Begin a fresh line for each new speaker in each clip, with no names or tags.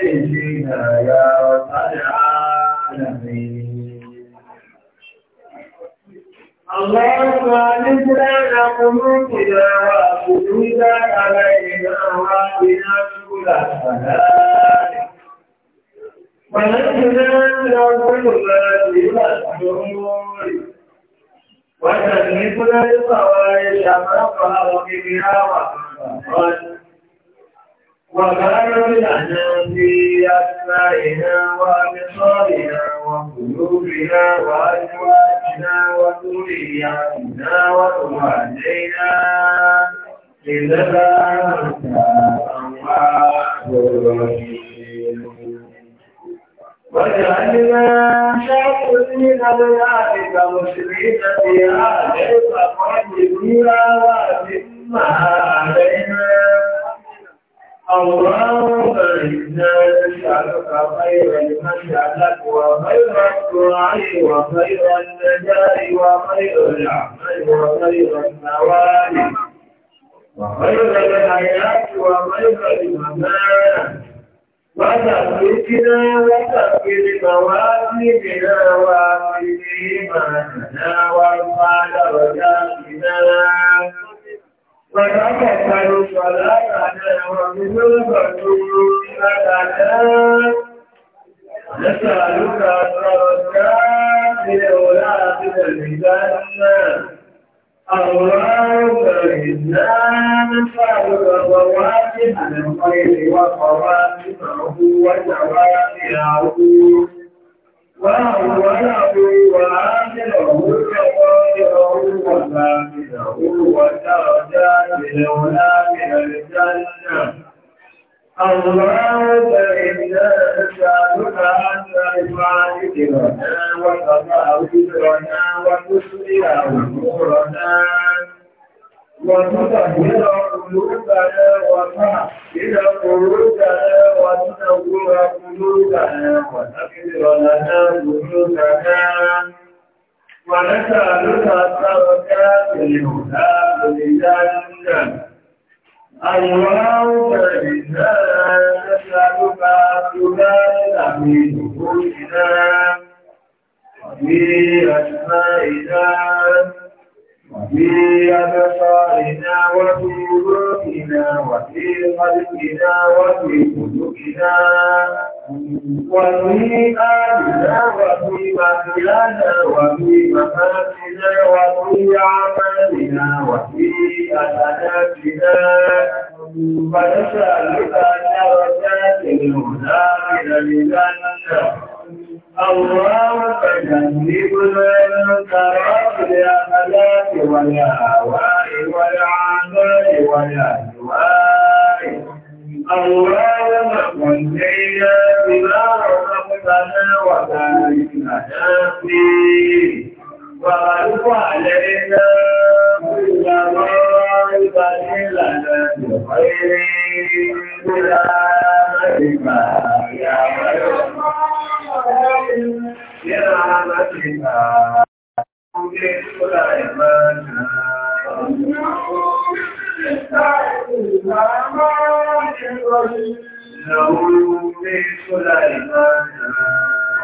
ربنا يا رب العالمين اللهم أعلمنا قلوبنا وأفضلنا علينا وأعطنا شكر الصلاة ونجنا من الظلمات إلى النور وتنبنا الفواحش ما ظهر منها وما بطن وبارك لنا في أسمائنا وأبصارنا وقلوبنا وأزواجنا وذرياتنا وأمهاتنا إنك أنت وجعلنا شاكرين لذلك مسلمين في هذه الأقوال وأتمها علينا اللهم إنا نسألك خير المشهد وخير الدعاء وخير النجاة وخير العمل وخير الثواب
وخير الحياة وخير الممات
وتفرقنا وتفكر موازيننا وأكل إيماننا وارفع درجاتنا
فذكروا فلا
تعلم من البدور فتعلم نسألك تركات لأولاد الجنة اللهم إنا نسألك فواتح الخير وخواتمه وتواتئه وهو له وآخره وظاهره وباطنه ودرجات الأولى من الجنة الله فإنا نسألك أن تجعل ذكرنا وتضع وزرنا وتسرع أمورنا وتطهر قلوبنا وطمع إلى قلوبنا وتنور قلوبنا وتكبر لنا قلوبنا ونسألك الصدقة الهدى لجنة اللهم إنا نسألك تبارك في نفوسنا وفي أسمائنا وفي أبصارنا وفي ذوقنا وفي قلبنا وفي قلوبنا وفي آلنا وفي مكاننا وفي مفاتنا وفي أعمالنا وفي أسناتنا ونسألك درجات الهدى من الجنة اللهم تجنبنا الكرام لأخلاق والهواء والعذاب والأهواء اللهم كن لينا بما رزقتنا وبارك لنا فيه ورفع علينا كل غائب لنا بخير برحمتك يا رب برحمتك أجد سليمان له من سليمان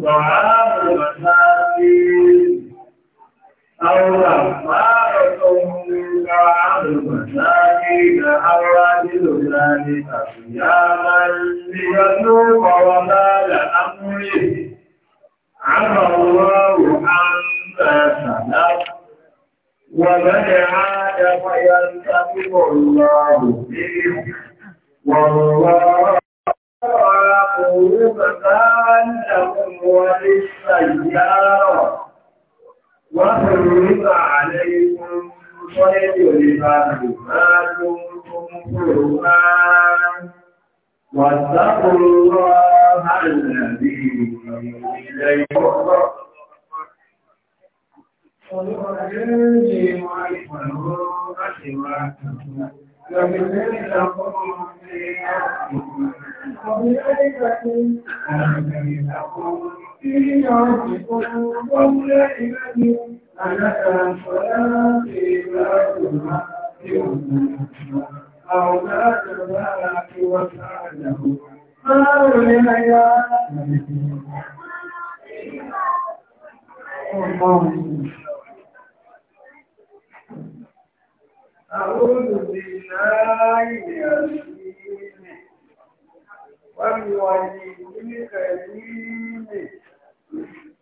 دعاء المساكين أو كفارة دعاء المساكين أو رجل ذلك صياما ليذوق وبال أمره عفى الله عما سلف ومن عاد فيلتقم الله به والله وقولوا متاعا لهم وللسيارة وحرم عليكم صيد البر ما كنتم حرمان واتقوا الله الذي إليه ويعلم أشواككم ومن لم تقوموا في أرضكم أعوذ بالله من والولي كريم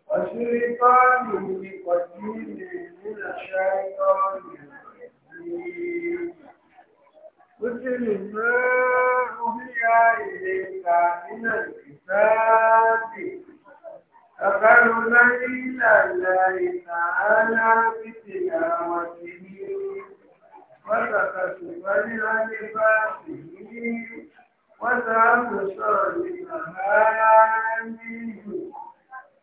وسلطان قديم من الشيطان الرجيم قتل ما أوحي إليك من الكتاب أفعلنا إلى الله تعالى بتلاوته وتكسبا لعباده وتنصر المهاني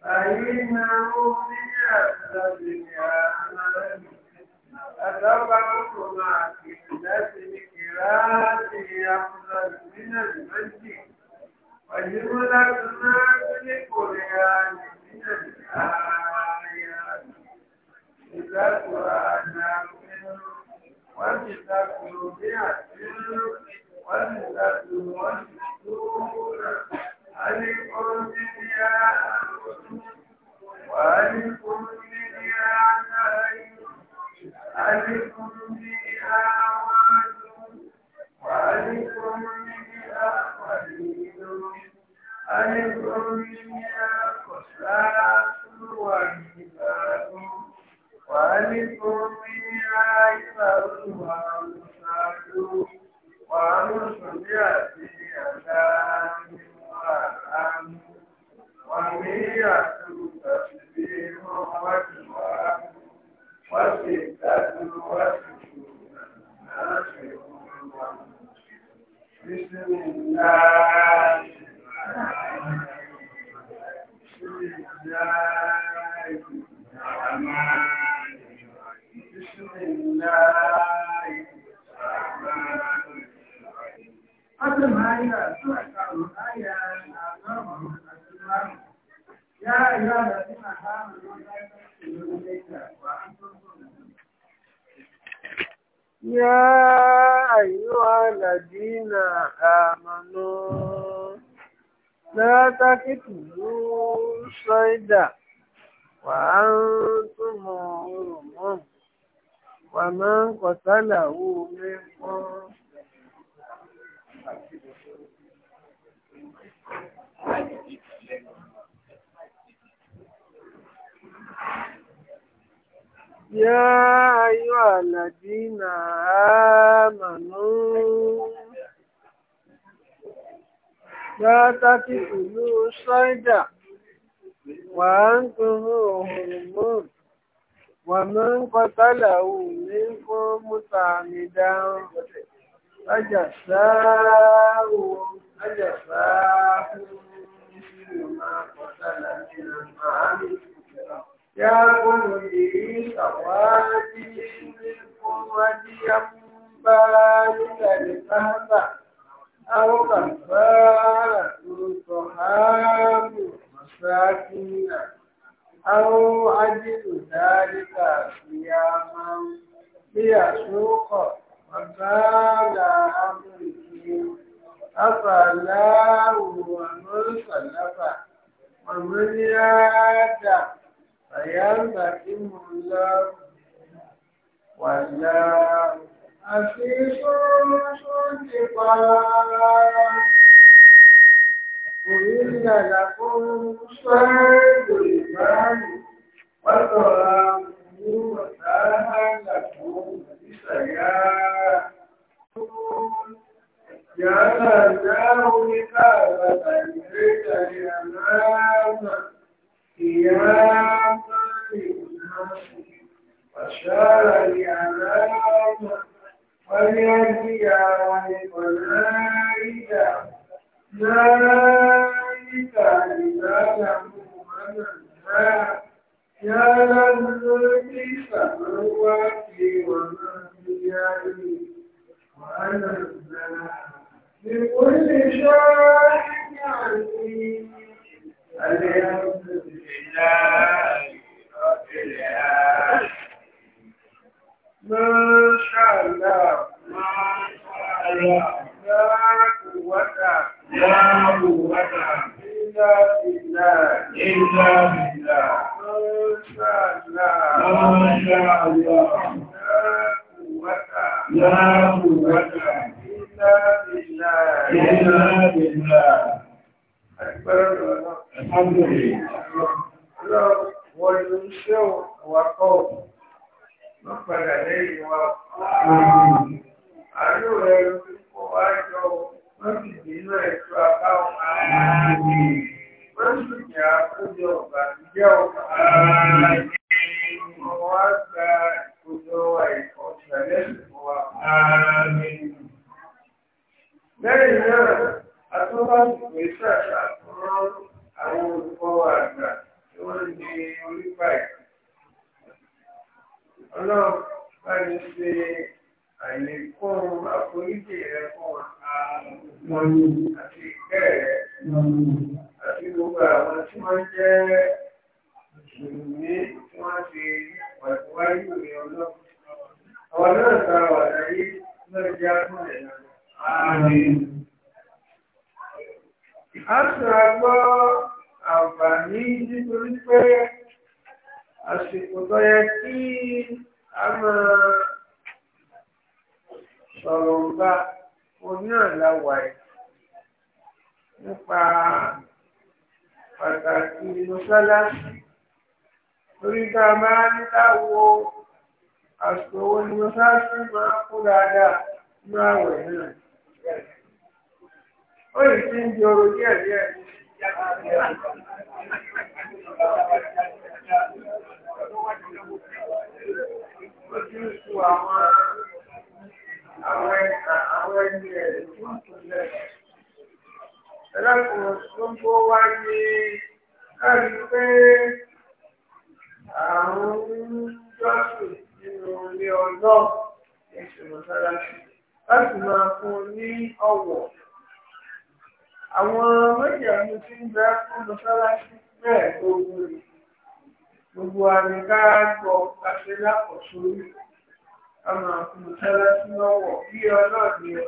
فإنه من أسلم يا أمامي أتوقع àmọ́ kọ̀sálà wù mí wọ́n. يا أيها الذين آمنوا لا تأكلوا الصيد وأنتم حرمون ومن قتله منكم متعمدا فجزاء فجزاء بما قتل من المعامل يأكل به سواتي منكم وديا بالغ الفهم أو كفارة طعام مساكين أو أجد ذلك صياما ليسوق وبال أمره أفلا ومن صلف ومن يعد فينتقم الله ولا أسيس صدقا أُحِلَّ لَكُمْ صَيْدُ الْبَحْرِ وَطَعَامُهُ مَتَاعًا لَكُمْ وَلِسَيَارَتِكُمْ جَعَلَ اللَّهُ رِقَابَةً لِلْأَنَامَ قِيَامًا لِلنَّاسِ وَشَارَ الْأَنَامَ وَلِيَجْزِيَ وَلِقَلَائِدَ ذلك لتعلموا من الناس يا الملك السماوات ومن بيده وأنا لكل
شيء
ó lè ti ń di oró díẹ̀ díẹ̀. ó ti ń su àwọn àwọn ẹni ẹ̀ tó ń tún lẹ̀. ẹlẹ́kùn tó ń bó wá ní pé àwọn jọ́sìn nínú ilé ọlọ́ọ̀ ẹ̀sìn mọ́sálásí láti máa fún un ní ọ̀wọ̀ àwọn méjèèjì tí ń bẹ fún mọ́sálásí bẹ́ẹ̀ gbogbo rẹ̀ gbogbo àríká gbọ́ àti lápọ̀sórí àmà mọ́sálásí lọ́wọ́ bí ọlọ́ọ̀dẹ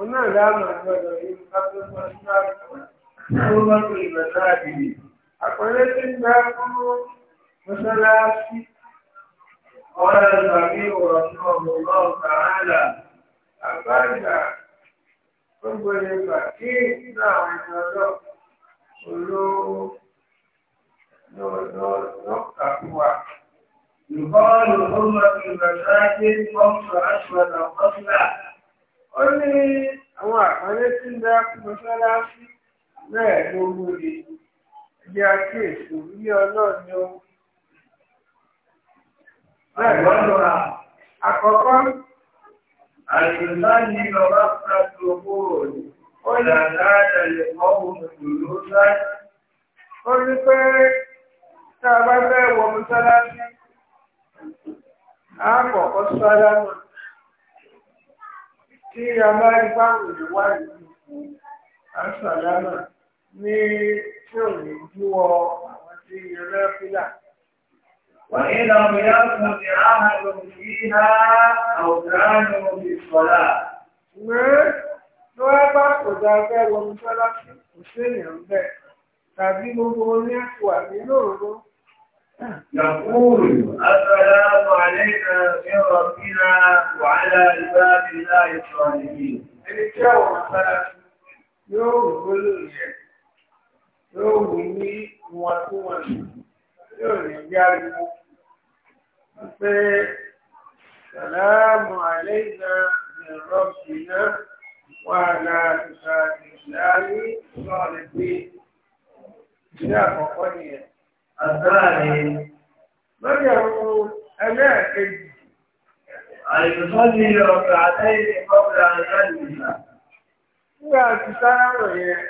ọ̀nà ìdáàmà gbọ́dọ̀ yìí kápẹ́ mọ́sálásí tó bá tó ìgbà náà dìde àpẹẹrẹ tí ń bẹ fún mọ́sálásí ọ̀rẹ́ ìgbà ó gbọ́dọ̀ gbà kí nínú àwọn ẹni ọjọ́ olówó lọ́kà wa. Ìbọ́ọ̀lù ó máa fi bàtà dé Ó ní àwọn àpẹẹrẹ tí ń dá mọ́ṣáláṣí bẹ́ẹ̀ ló mú ni. Ẹjẹ́ àkíyèsí ilé المسلم وقت الدخول ولا زاد لقوم جلوسا قل pé tá a bá fẹ́ wọ mọ́sálásí a kọ́kọ́ sálámà tí tí ò ní àwọn tí fílà.
وإن لم يكن
أحد فيها أو كانوا في الصلاة. tó ẹ bá kò dá ẹgbẹ́ wọnú sọ́láṣí kò séèyàn ń bẹ̀ tàbí gbogbo oní ẹ̀kọ́ àbí lóòrò. يقول السلام عليك من ربنا وعلى عباد الله الصالحين. ẹni tí àwọn yóò rìn bí ariwo pé sàlámù àlẹ́yìnà ìrọ̀bìnà wà láàrúkà ìlàrí sọ̀rọ̀ pé ìdí àkọ́kọ́ nìyẹn. Àtàlẹ́ lórí àwọn ẹlẹ́ẹ̀kejì. Àìsọ́lì ọ̀gá àtẹ́yìn kọ́kùnrin àjálù ìlà. Nígbà tí sáárọ̀ yẹn,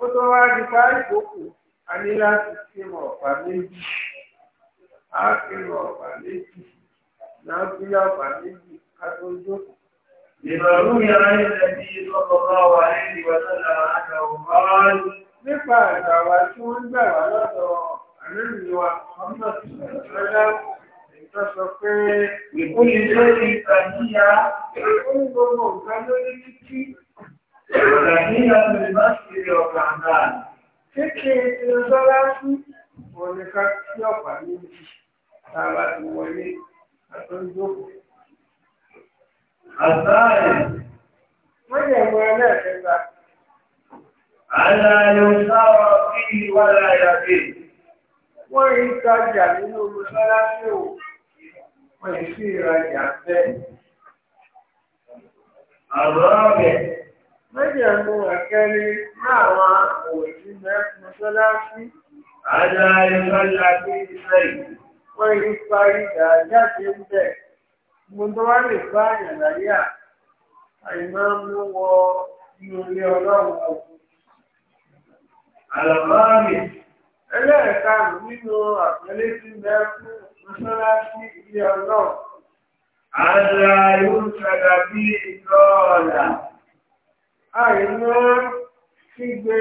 ó tó wá di parí ìkókò a ní láti kírun ọ̀pá méjì á kírun ọ̀pá méjì náà kírun ọ̀pá méjì ká tó jókòó. ìrọ̀rùn yàrá ilẹ̀ bí lọ́kọ̀ọ́kọ́ wà lẹ́yìn ìwọ̀sọ̀lá àtàwọn ọ̀rọ̀ nípa àgbà wa tí wọ́n gbà wá lọ́dọ̀ àlejò wa ọmọ ìṣẹ̀lá ìjọ sọ pé ìkúni lórí ìtàjíyà ó ń gbogbo nǹkan lórí títí ìrọ̀lẹ́ níyàtọ̀ ìbáṣepọ̀ ọ̀gá náà kékeré tí ó sọ́lá sí wọn ni ká sí ọ̀pá níbi tá a bá ti wọlé àtọ́jọ́kọ̀. Àtàrí. Wọ́n yẹ̀ mọ ẹlẹ́ẹ̀kẹta. Àlàyé sáwọ́ kí wàlá yàgbé. Wọ́n yìí tajà nínú mọ́sálásí o. Wọ́n yìí sí ìrajà bẹ́ẹ̀. Àrọ́ ọ̀gẹ̀. Méjèèmú ẹ̀kẹ́rí láwọn òòjú mẹ́fún sọ́láṣí. Àjá ìfọ́lá bí iṣẹ́ yìí. Wọ́n yí parí ìdá jáde ń bẹ̀. Mo tó wá lè bá ìrànláyà. Àìmọ́ mú wọ inú ilé ọlọ́run ọ̀gbìn. àìmọ́ gbígbé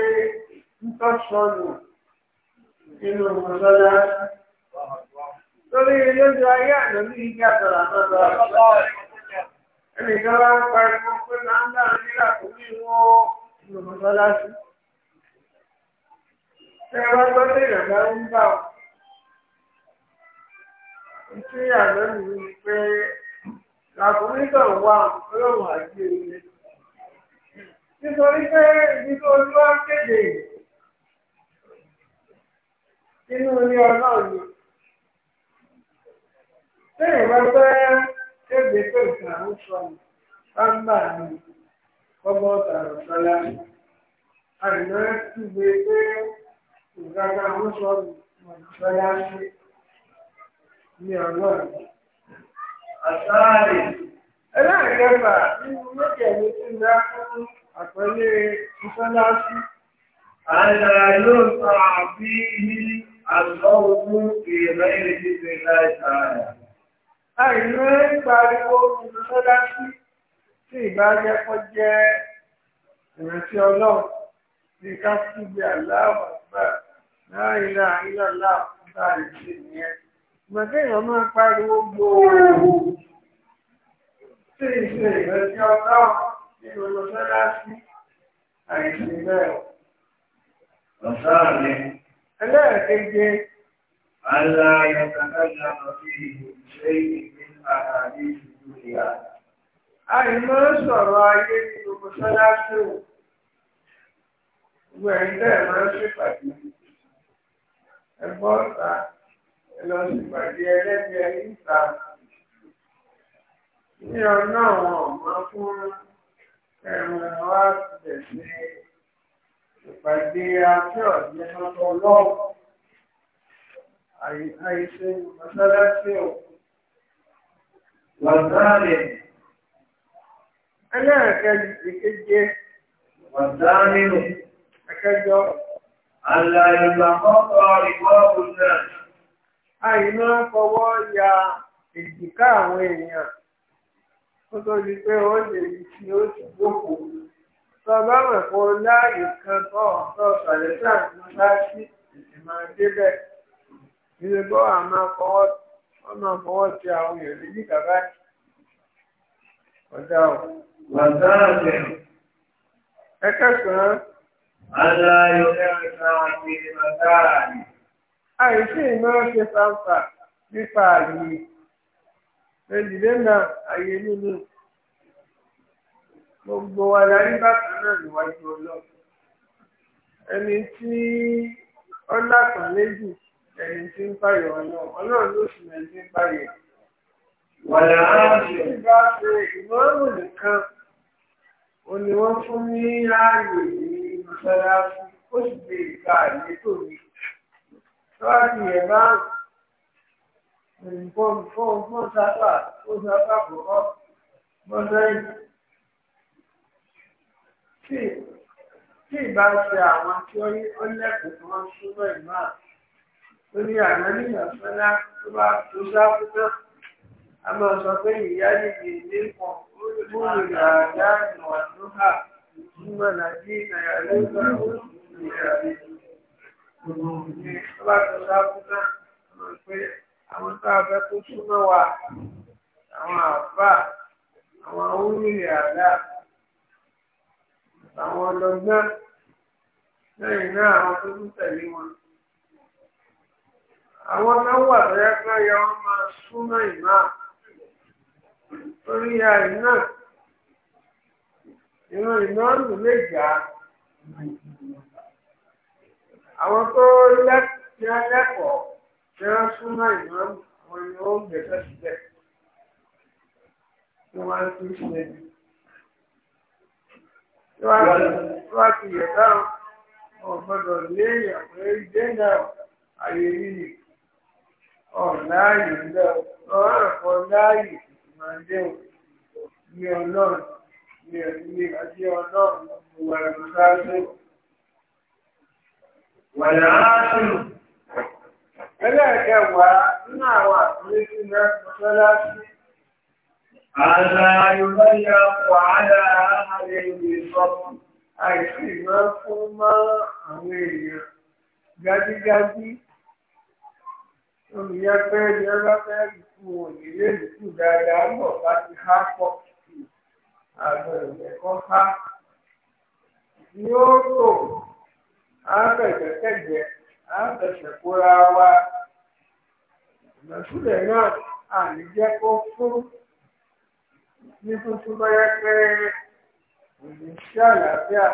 ntọ́sọ̀nù nínú mọ̀sọ́lá. Torí lójú ayé àdàbí ìjà tọ̀rọ̀ àmọ́dọ̀. Ẹnìkan wá ń pariwo pé láńdà nílà kò ní wọ́n nínú mọ̀sọ́lá sí. Ṣé ẹ bá gbọ́ pé ni pé wà nítorí pé nínú olúwa kéde nínú ilé ọlọ́run ni lẹ́yìn bá fẹ́ kéde pé nǹkan àwọn sọnù bá ń bà ní ọgbọ́n ọ̀tàrọ̀ sọlá àná kígbe pé nǹkan àwọn sọnù sọlá sí ní ọlọ́run àtàrí ẹlẹ́rìí kẹfà nínú méjèèjì ti ń dá àpẹẹlẹ mọ́sálásí àìlà yóò ta àbí ní àlọ́ọ̀gbọ́n ìrìnà ìrìnlẹ̀ láìsáàrà. àìlú pariwo mọ́sálásí tí ìbájẹ́kọ́ jẹ́ ìrántí ọlọ́run ní ká síbi aláwọ̀ gbà láìlà ìlàlá ọ̀gbà ìṣe nìyẹn. ìgbàgbé èèyàn máa pariwo gbòòrò tí ìṣe ìrántí ọlọ́run nínú mọ́sálásí àìsí bẹ́ẹ̀. Ọ̀sán mi. Ẹlẹ́ẹ̀keje. Àlá ayọ̀kàkájà lọ sí ìlú ṣé ìgbé àkàdé ìlú ìyá. Àìmọ́ sọ̀rọ̀ ayé nínú mọ́sálásí o. Gbogbo ẹ̀yin bẹ́ẹ̀ máa ń ṣèpàdé. Ẹ̀gbọ́n ta lọ ṣèpàdé ẹlẹ́gbẹ̀ẹ́ níta. Ní ọ̀nà àwọn ọ̀mọ́ fún ẹ̀wọ̀n wá tilẹ̀ sí ìpàdé afẹ́ ọ̀gbìn lọ́tọ̀ lọ́wọ́ àìṣe mọ́sálásí ò wàzáàlẹ̀ ẹlẹ́ẹ̀kẹ́jì ìkéje wàzáàlẹ̀ ẹ̀kẹ́jọ
àlàyìnbàmọ́kọ̀
ìwọ́ọ̀bùn náà àìmọ́ fọwọ́ ya èjìká àwọn èèyàn ó pé ó lè rí ó ti gbòkó tó bá mọ̀ pé láàyè kan tó ọ̀hún tó ṣàlẹ̀ sáàtì mọ́ṣáláṣí èsì máa débẹ̀ ilé bọ́ à máa fọwọ́ wọ́n máa fọwọ́ ti àwọn èèyàn lè yíká báyìí ọjà o. wàtá àgbẹ̀. ẹ kẹsàn-án. aláyọ̀ ẹ̀ka àti bàtà. àìsí ìmọ̀ ṣe fàǹfà nípa àyè ẹlìlẹ́nà ayé nínú gbogbo wa la rí bákan náà níwájú ọlọ́run ẹni tí ọlọ́pàá méjì ẹni tí ń pààyàn ọlọ́run ọlọ́run ló sì mẹ́rin tí ń pààyàn. wàlá ààbò bá ṣe ìmọ̀ọ́mù nìkan ó ní wọ́n fún ní ààyè ní mọ́ṣáláṣí ó sì gbé ìgbà àlétò mi. tọ́wọ́ ti yẹ̀ báàgì nǹkan fún fún sábà fún sábà kọ̀ọ̀kọ́ bọ́sẹ̀yìn. tí tí ìbá ṣe àwọn tí ó lẹ́kùn kan súnmọ́ ìmọ̀ tó ní àná níyàn sọ́lá tó bá tó sáfù náà a máa sọ pé ìyá nìyí ní pọ̀ mú ìràdá ìwà tó hà súnmọ́ nàìjí nàìjíríà ló tó sáfù àwọn tá a fẹ́ kó súnmọ́ wa àwọn àbá àwọn orílẹ̀ àdá àwọn ọlọ́gbọ́n lẹ́yìn náà àwọn tó tún tẹ̀lé wọn. àwọn náà wà lọ́yẹ́ pé ọyọ wọn máa súnmọ́ ìmá orí àì náà ìran ìnáwó lè jà á. àwọn tó lẹ́kọ̀ọ́ tí wọ́n súnmọ́ ìmáàmù àwọn ni wọ́n gbẹ̀fẹ́ síbẹ̀ tí wọ́n á tún ṣe ni. tí wọ́n ti yẹ̀ dáhùn ọ̀ gbọ́dọ̀ lé ìyàwó jẹ́ńdà ààyè yìí ọ̀ láàyè ńlẹ̀ ọ̀rọ̀ kan láàyè máa ń dẹ̀wò ní ọlọ́run ní ẹ̀mí àti ọlọ́run gbogbo ẹ̀rọ sáré. wàlá áṣùlù. ẹlẹ́ẹ̀kẹwàá nna àwọn àtúndé tí ń rẹ́ mọ́ṣáláṣí. àlà yorùbá yà ha àlà àlẹ́ ìwé sọ́kù àìsí máa fún mọ́ àwọn èèyàn jájíjájí olùyẹ pé ìyẹn bá fẹ́ kú òní lèlú kù dáadáa mọ̀ bá ha há pọ̀ àgbẹ̀ ha à ń fẹsẹ̀ kóra wa ìgbàsílẹ̀ náà à ní jẹ́ kó fún ní tuntun bá yẹ pé òní sí àlàáfíà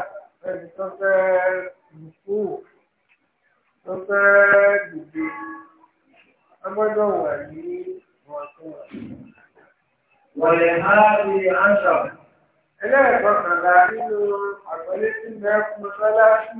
ẹni tó fẹ́ dùkú tó fẹ́ dìde ọgbọ́dọ̀ wà ní ìwọ̀ntúnwọ̀nsì. wọ̀lẹ̀ máa ń rí àṣà. ẹlẹ́ẹ̀kọ́kànlá nínú àgbọ̀lé tí ń mọ́sálásí.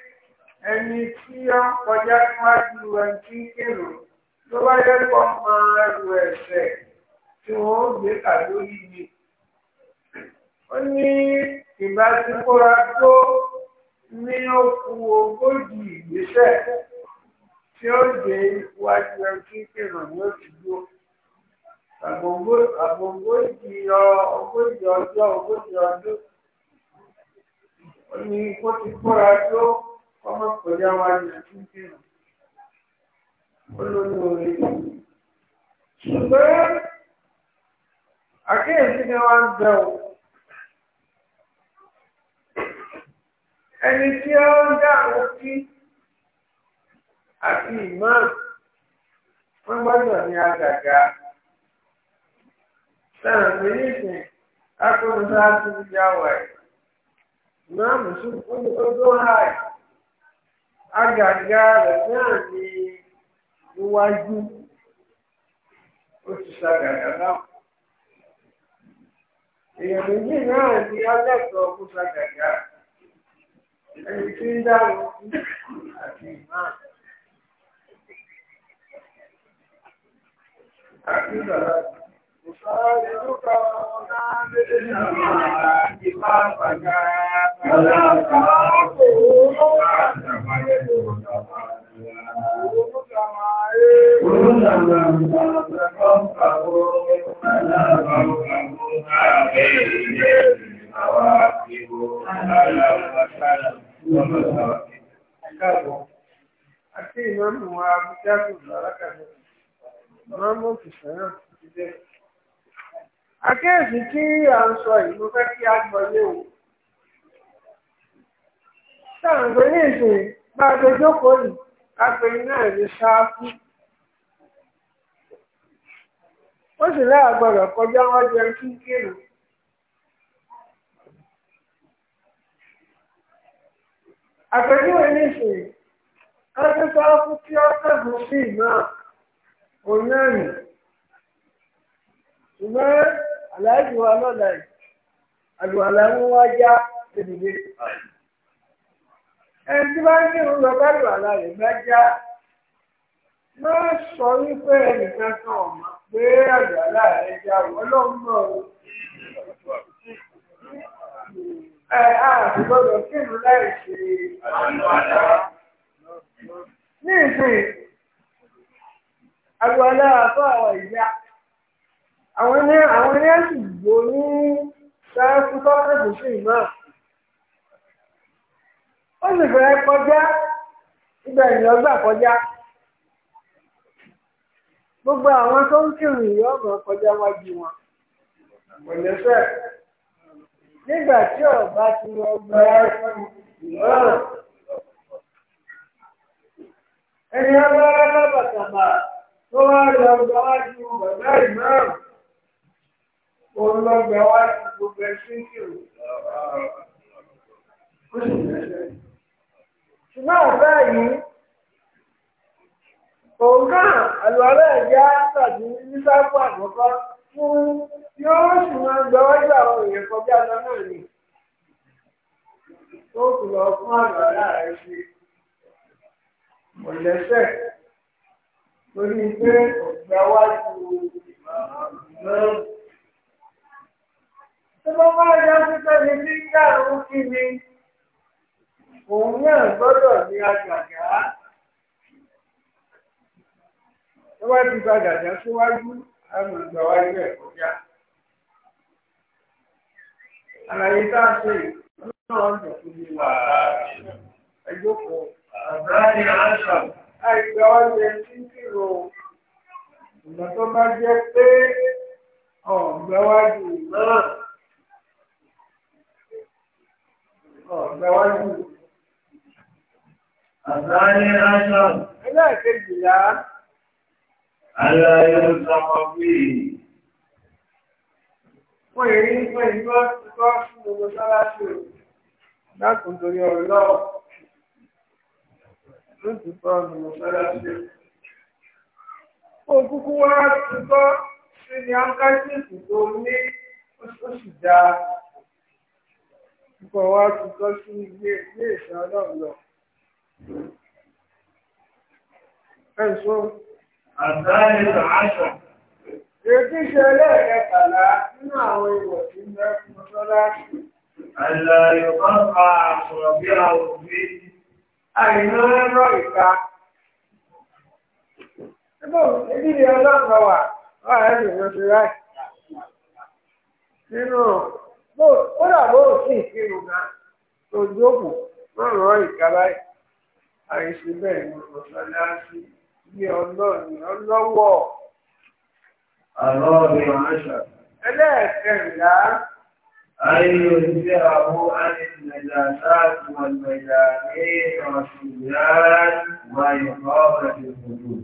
ẹni tí ó ń kọjá níwájú ẹni tí ń kèrò ló bá yẹ kó máa ru ẹsẹ̀ tí wọ́n ó gbé kà lórí mi. ó ní ìbáṣepọ̀ra tó ní ó ku ogójì ìgbésẹ̀ tí ó dé iwájú ẹni tí ń kèrò ní oṣù tó. Àgbòǹgójì ogójì ọjọ́ ogójì ọdún. Ó ní kó ti kóra tó ọmọ kọjá wa ní àtúntìrù olóore ṣùgbọ́n àkíyèsí ni wọ́n ń bẹ̀ ọ́ ẹni tí ó ń dá òkí àti ìmọ̀ wọ́n gbọ́dọ̀ ní àgàgà sáà mílíọ̀nù akọ́nùdá tó ń yá náà mùsùlùmí ó ń àgàgà rẹ̀ náà ni iwájú ó ti ṣàgàgà náà. èèyàn méjì náà ni alẹ́kọ̀ọ́ kó ṣàgàgà ẹni tí ń dáhùn àti ìmáà. àti ìbàlá. وَسَأَلُكَ وَنَعْمِلِ الْأَمَانِ بِمَا فَجَاءَ لَا تَعْقُلُ Àti ìmọ̀mù wa Abújáàbù Lọ́lákàdé, mọ́mù Fìṣẹ́ràn ti dé. Akéèsì tí à ń sọ ìlú fẹ́ kí a gbọ́ yé òun ṣàǹgbé ní ìsìn bá a ṣe jókòó yìí ká pe iná ẹ̀ ní ṣááfù. ó sì láà gbọ́dọ̀ kọjá wọn jẹ kíkèrè. àpèjúwe ní ìsìn ká ṣe ṣááfù tí ó kẹ́kọ̀ọ́ sí ìmọ̀ òun náà nì. ṣùgbọ́n àlàyé wa lọ́la yìí àlùwàlà ń wá já ìdílé ẹni bá ń kírun lọ bá lò àlá rẹ̀ bá já máa sọ wípé ẹnìkan kan ọ̀mà pé àlò àlá rẹ̀ já ọlọ́run náà o. ẹ àti gbọdọ̀ kírun láì ṣe àlò àlá. ní ìsìn àlò àlá àbá àwọn ìyá àwọn ní àwọn ní ẹ̀sìn ní sáà fún tọ́kẹ́tù sí ìmáà. ó sì fẹ́ kọjá ibẹ̀ ènìyàn gbà kọjá gbogbo àwọn tó ń kírun yìí kọjá wájú wọn kò nígbà tí ọba ti lọ gba ẹni tó wá lọ wájú bàbá lọ wájú gbogbo kírun. ṣùgbọ́n ọ̀fẹ́ yìí òun náà àlùwárẹ̀ ẹ̀já tàbí nísàkó àkọ́kọ́ fún yóò sì máa gbọ́wọ́jú àwọn èèyàn kọjá lọ náà ni tó kù lọ fún àlùwárẹ̀ rẹ̀ ṣe ọ̀lẹ́sẹ̀ lórí pé ọ̀gá wájú náà. Tí wọ́n bá yọ sí pé mi ti ń kí ni òun náà gbọ́dọ̀ ní àgàgà tó bá ti ba gàgà síwájú àwọn ìgbà wájú ẹ̀ kọjá.
àlàyé tá a ṣe
nínú ọ̀dọ̀ tó ní wà ẹ̀jọ̀kọ̀ àbúráyé àṣà àìgbà wájú ẹ̀ tí ìgbà tó bá jẹ́ pé ọ̀gbà wájú náà ọ̀gbà wájú náà. Àtàrí aṣọ. Ilé ìkejì yá. Aláyé ló sọmọ bí. Wọ́n yìí ní pé ìgbọ́ ìgbọ́ fún gbogbo sáláṣì o. Dákùn torí ọ̀rọ̀ lọ́wọ́. Ló ti kọ́ gbogbo sáláṣì o. Ó kúkú wá ti kọ́ sí ni áńkáṣíìsì tó ní ó sì dáa. Nǹkan wá ti kọ́ sí ilé ìṣẹ́ ọlọ́run lọ. Ẹ̀sùn. Àtàlẹ́ àṣà. Èdè ìṣẹ̀lẹ̀ ẹ̀kàlá nínú àwọn ìwọ̀ tí ń bẹ́ fún mọ́sálásì. fa àṣọ̀rọ̀ bí àwọn òbí. Àìná ẹ̀rọ ìka. Ẹgbọ́n, ebi ni wà, wà lè sí Nínú ó dàbó ìka àìsí bẹ́ẹ̀ ni mọ́ṣáláṣí bí ọlọ́ọ̀ni ọlọ́wọ́. àlọ́ọ̀ni àṣà. ẹlẹ́ẹ̀kẹrìnlá. ayé oníṣẹ́ àwọn àìsìnàjà sáàtì ọ̀gbẹ̀yà ní ọ̀sìnyàn wáyé ọ̀rẹ́ ìgbòho.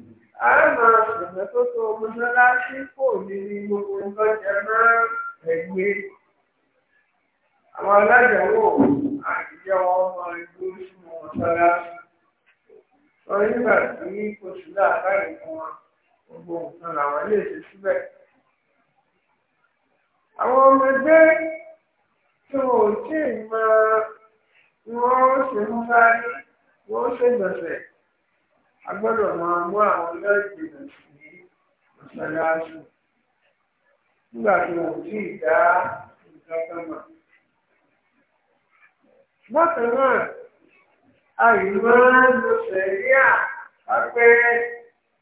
a máa sọ̀rọ̀ tó tó mọ́ṣáláṣí kò ní gbogbo nǹkan jẹ mọ́ ẹgbẹ́. àwọn alájọwọ́ àtijọ́ wọn máa ń sínú mọ́ṣáláṣí wọ́n nígbà tí oṣù láàbáyé fún wọn gbogbo nǹkan làwọn lè ṣe síbẹ̀. àwọn ọmọ ẹgbẹ́ tí ò tí ì mọ wọ́n ṣe ń sáré wọ́n ṣègbọ̀nsẹ̀ a gbọ́dọ̀ máa mú àwọn lọ́ọ̀dìnà sí mọ́ṣáláṣí nígbà tí wọn ò tí ì dá nǹkan kan mọ̀. bákan náà àyùmọ́lù sẹ̀ríà àpẹẹrẹ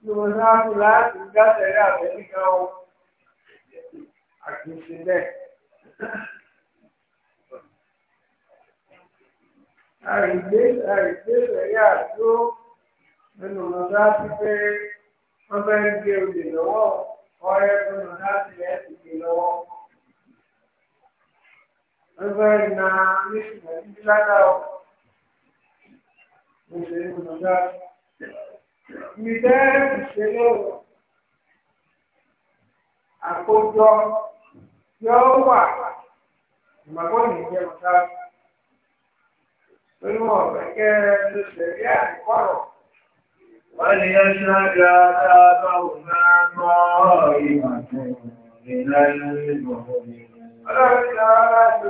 lòláàbù láti dá sẹ̀ríà àtẹnìkan o àtúnṣe bẹ́ẹ̀. àìgbé àìgbé sẹ̀ríà tó nínú lọ́dá sí pé wọ́n fẹ́ gbé olè lọ́wọ́ ọ̀rẹ́ fún lọ́dá sí ẹ̀ sì gbé lọ́wọ́. wọ́n fẹ́ na nísìnyí lára ọ̀hún mo ṣe àkójọ yóò wà ìgbàgbọ́ nìyẹn mo dá torí wọn ọ̀fẹ́ kẹ́ àdìpọ̀rọ̀. wọ́n ní ẹ ṣáájú adáàbá òun náà mọ́ ìmọ̀ ìlànà ìgbọ̀ngàn. ọlọ́run ní ara ṣe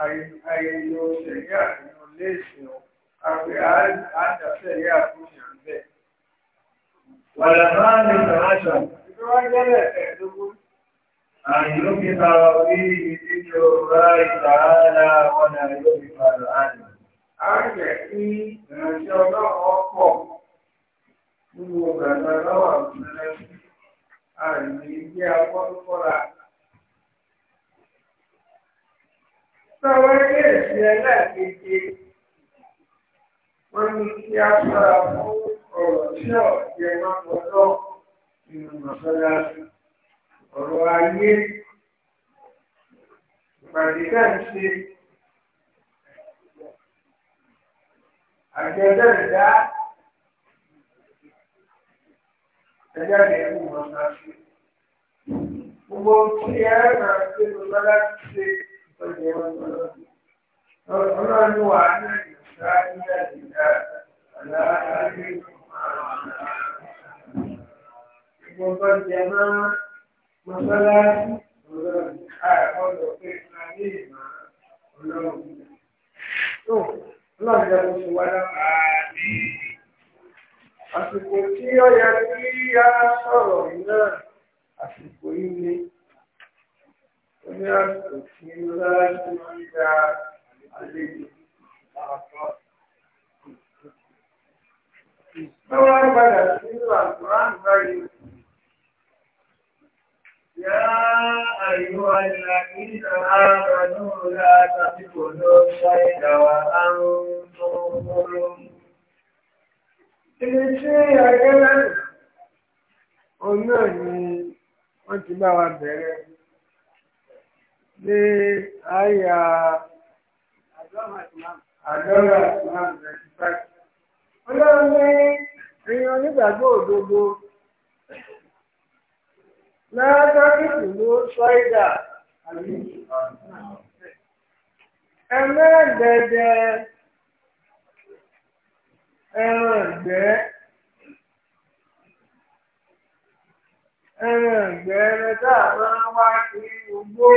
ayẹyẹ ṣẹ̀yà nínú ilé ìsìn àpè àjà ṣẹ̀yà fún yàn bẹ́ẹ̀. máa ń lè tàmáṣà. Ìjọba jẹ́lẹ̀ ẹ̀ẹ́dógún. Àyìnló fi ta orí ìdíjọ bá ìtàhálà wọn àyìnló fi padà àná. A jẹ́ kí ìrìnàjò ọlọ́wọ́ pọ̀ nínú ọgbà náà lọ́wọ́ àbúrò náà. Àyìnló ìgbé Sọ̀rọ̀ ilé ìsìn ẹlẹ́ẹ̀kejì wọ́n ní kí á sára fún ọ̀rọ̀ tí ọ̀jẹ̀ máa ń lọ nínú mọ̀sálásí. Ọ̀rọ̀ ayé ìpàdé náà ń ṣe àjọ dáadáa ṣe. Ọlọ́run wà ní ìgbà ní ẹ̀dìdá aláàárí ìgbọ̀nbọ̀ jẹ máa mọ́sálásí ọlọ́run àìkọ́lọ̀ pé a ní ìmọ̀ ọlọ́run. àsìkò tí ó yẹ kí á sọ̀rọ̀ náà àsìkò yìí ni ó ní àsìkò tí mọ́sálásí máa ń gba àlejò àpapọ̀. Lọ́wọ́ ń padà sínú àkùrán báyìí. يا أيها الذين آمنوا لا تقتلوا الصيد وأنتم حرم. Ibi tí ẹgbẹ́ náà, òun náà ni wọ́n ti bá wa bẹ̀rẹ̀ ní àyà àdọ́rà ọlọ́run ní èèyàn onígbàgbọ́ òdodo láàdọ́kìtì ló sọ́ìdà ẹlẹ́gbẹ̀dẹ̀ ẹran ẹ̀gbẹ́ ẹran ẹ̀gbẹ́ ẹran tá a máa ń wá sí gbogbo.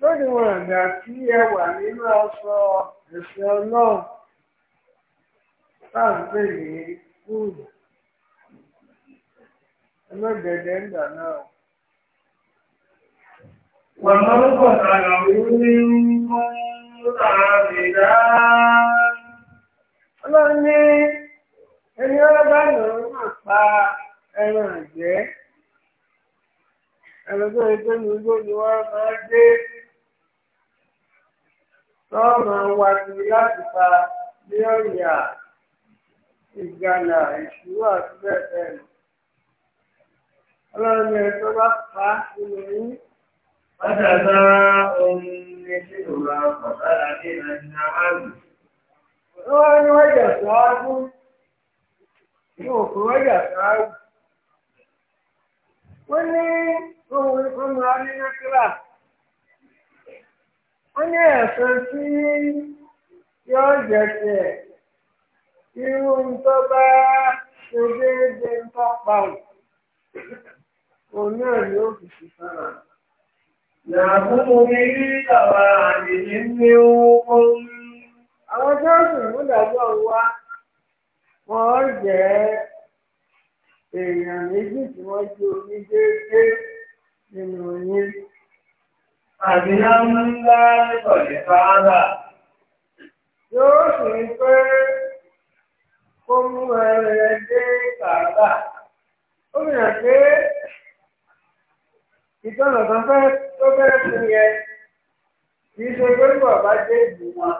lódiwọ̀n ìgbà tí ẹ wà nínú aṣọ ẹ̀sìn ọlọ́run tá à ń pè ní náà.
Wàmọ́ pọ̀
ní mú tààrà lè dá. Ọlọ́run ní náà máa pa ẹran lọ́ọ̀mà wa ni láti pa mílíọ̀nìyà ìgbàlà ìṣúwà àti bẹ́ẹ̀ bẹ́ẹ̀ lọ. ọlọ́run ẹ̀ tó bá nínú yín. ohun ní ní ní wọ́n onye ní ẹ̀sùn tí yóò o tiẹ̀ irú ń tó bá ṣe déédéé ń tọ́pa ò òun náà ni ó fi ṣe sára. Yàgùnmù mi rí ìtàwà àdìyí ní owó. Àwọn tí wọ́n àbíyá ńlá ìtọ̀lẹ̀ fàádà yóò sì ń pé kó mú ẹrẹ dé kàádà ó mìíràn pé ìtọ́nà kan fẹ́ tó fẹ́ fún yẹ kì í ṣe pé bàbá dé ìlú wọn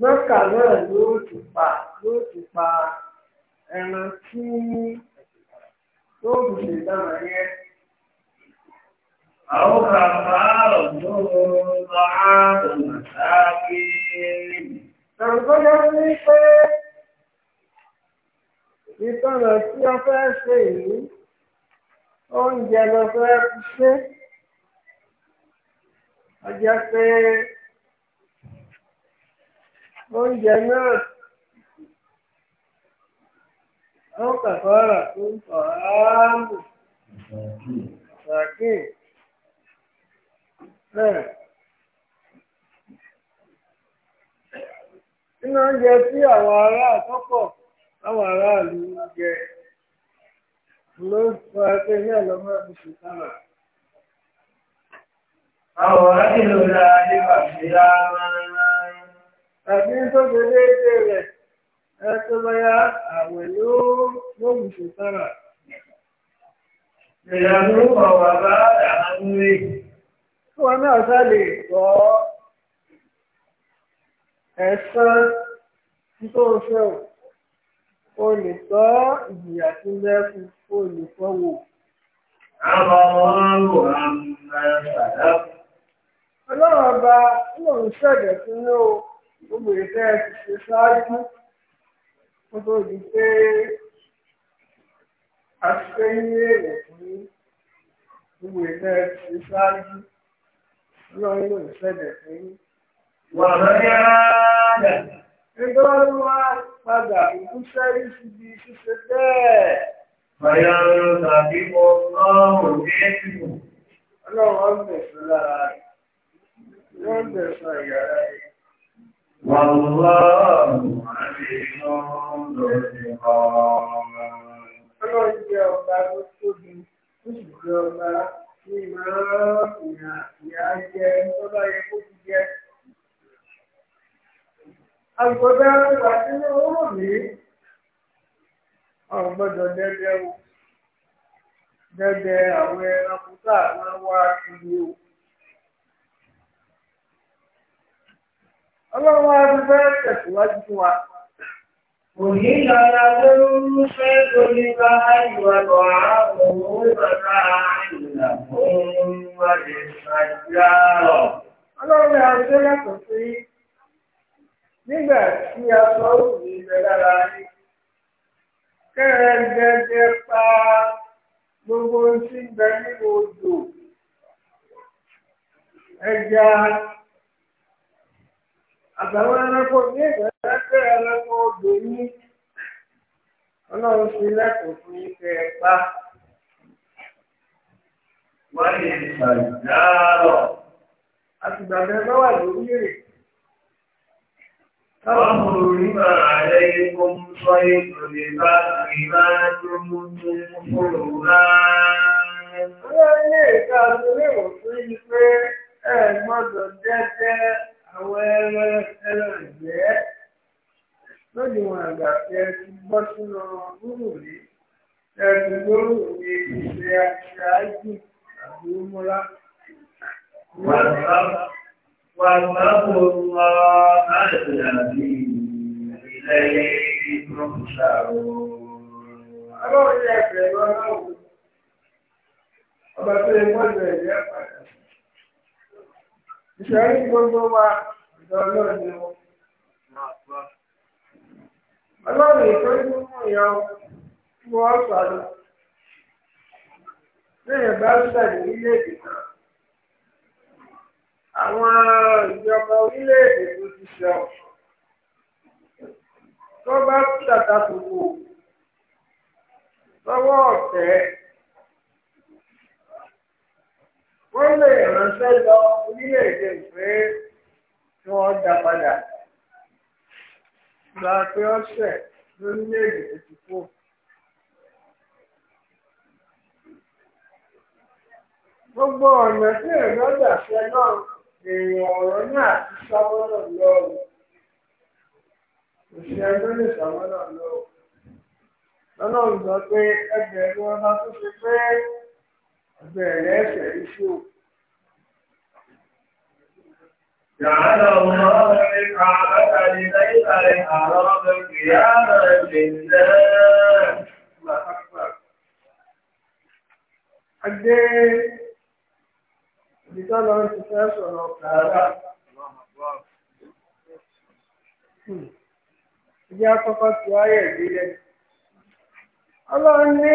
mọ́kà náà ló ti pa ló ti pa ẹran tí ó fi ṣèdáná yẹn. أو كفارة طعام مساكين Ìtọ́nà tí ọ fẹ́ ṣe yìí, oúnjẹ lọ fẹ́ ṣe, ọ jẹ́ pé oúnjẹ náà ó kàkọ́ rà tó ń tọ̀ áàmù, ṣàkíyèsí. nínú oúnjẹ tí àwọn ará àtọ́pọ̀ àwọn aráàlú ń jẹ ló ń sọ ẹgbẹ́ ní àlọ́mọ́ ìṣù sára. àwọn àdìlò la ní bàbá tàbí tó ṣe ebe rẹ̀ ẹ tó báyá àwẹ̀ ló lóhùn ìṣù ìyàwó ọ̀wà bá àwọn ọmọ rẹ̀. wọn náà sá lè gbọ́ ẹ̀sán tó ń fẹ́ o o lè gbọ́ ìjìyà tí lẹ́kùn o lè gbọ́ wò. ọlọ́run ọba lòun ṣẹ̀dẹ̀ sínú gbogbo ìfẹ́ ti ṣe ṣáájú kó tó di pé a ṣe ń lé èèyàn fún gbogbo ìfẹ́ ti ṣe ṣáájú lọ́wọ́ yóò ṣẹlẹ̀ fún wà lórí ààrẹ. Ẹgbẹ́ wọn wá padà ìmúṣẹ́ ìṣubí ṣíṣe bẹ́ẹ̀. Bàyá ló tàbí mo lọ́rùn ní ẹ̀sìn. Ọlọ́run ọ̀n bẹ̀sán lára rẹ̀. Wọ́n bẹ̀sán ìyàrá rẹ̀. Wàlúwàlú àti iná lórí ọ̀rọ̀. Ọlọ́run jẹ́ ọba tó tóbi, ó sì jẹ́ ọba. ní ìmọ̀ràn ìyà ìyà jẹ Ọlọ́run ti fẹ́ tẹ̀síwájú fún أهل لكم صيد البحر وطعامه متاعا لكم وللسجار Ọlọ́run àjọ yàtọ̀ sí nígbà tí a sọ òun ìbẹ̀ lára rí. Kẹ́rẹ̀ àtàwọn ẹranko ní ìgbàlá pé ẹranko odò ní ọlọ́run fi lẹ́kọ̀ọ́ fún yín kẹ́ ẹ pa. wọ́n lè ṣàjárọ̀. àtìgbà bẹ́ẹ̀ bá wà lórí rẹ̀. káwọn ọmọ orí máa lẹ́yìn kó ń sọ ètò lè bá ìlà tó mú tó mú kúrò náà. wọ́n lè ka àtúnlẹ̀wọ̀ fún yín pé ẹ gbọ́dọ̀ jẹ́jẹ́ àwọn ẹran ẹran ìgbẹ́ lódiwọ̀n àgbà tẹ ti bọ́ sínú rúrù rí ẹ̀rù lóru ní ìṣẹ́ aṣáájú àbí múra. wà á bọ̀ wá láti àbí ilé ìgbọ̀nsá o. ọlọ́run yẹ ẹ̀fẹ̀ lọ́wọ́ ọba tó yẹ kó ẹ̀jẹ̀ yẹ ìṣẹ́rí gbogbo wa ìjọ ni ó. ọlọ́run ètò ìmúmú ìyàn tí wọ́n sọ lọ. lẹ́yìn bá sẹ̀lẹ̀ orílẹ̀-èdè náà àwọn ìjọba orílẹ̀-èdè tó ti sọ tó bá tàtàkùkù lọ́wọ́ ọ̀tẹ̀. wọ́n lè ránṣẹ́ lọ orílẹ̀-èdè ìfẹ́ tí wọ́n dá padà gba pé ọ̀sẹ̀ lórílẹ̀-èdè tó ti kú. gbogbo ọ̀nà tí èèyàn gbà náà èèyàn ọ̀rọ̀ náà ti sáwọ́nà lọ́rùn òṣìṣẹ́ tó lè lọ́nà sọ pé ẹgbẹ̀rún ọba tó ṣe bẹ̀rẹ̀ ẹsẹ̀ iṣẹ́ o. Yàrá ọmọ ọ̀rẹ́ ha ní láìláì àrọ́ ha kìíyàrá ẹ̀jẹ̀ ńlẹ́. Adé ìdíkọ́ lọ ti fẹ́ sọ̀rọ̀ kàrà. Hmm. Ìjẹ́ akọ́kọ́ ti wáyé ìdílé. Ọlọ́run ní.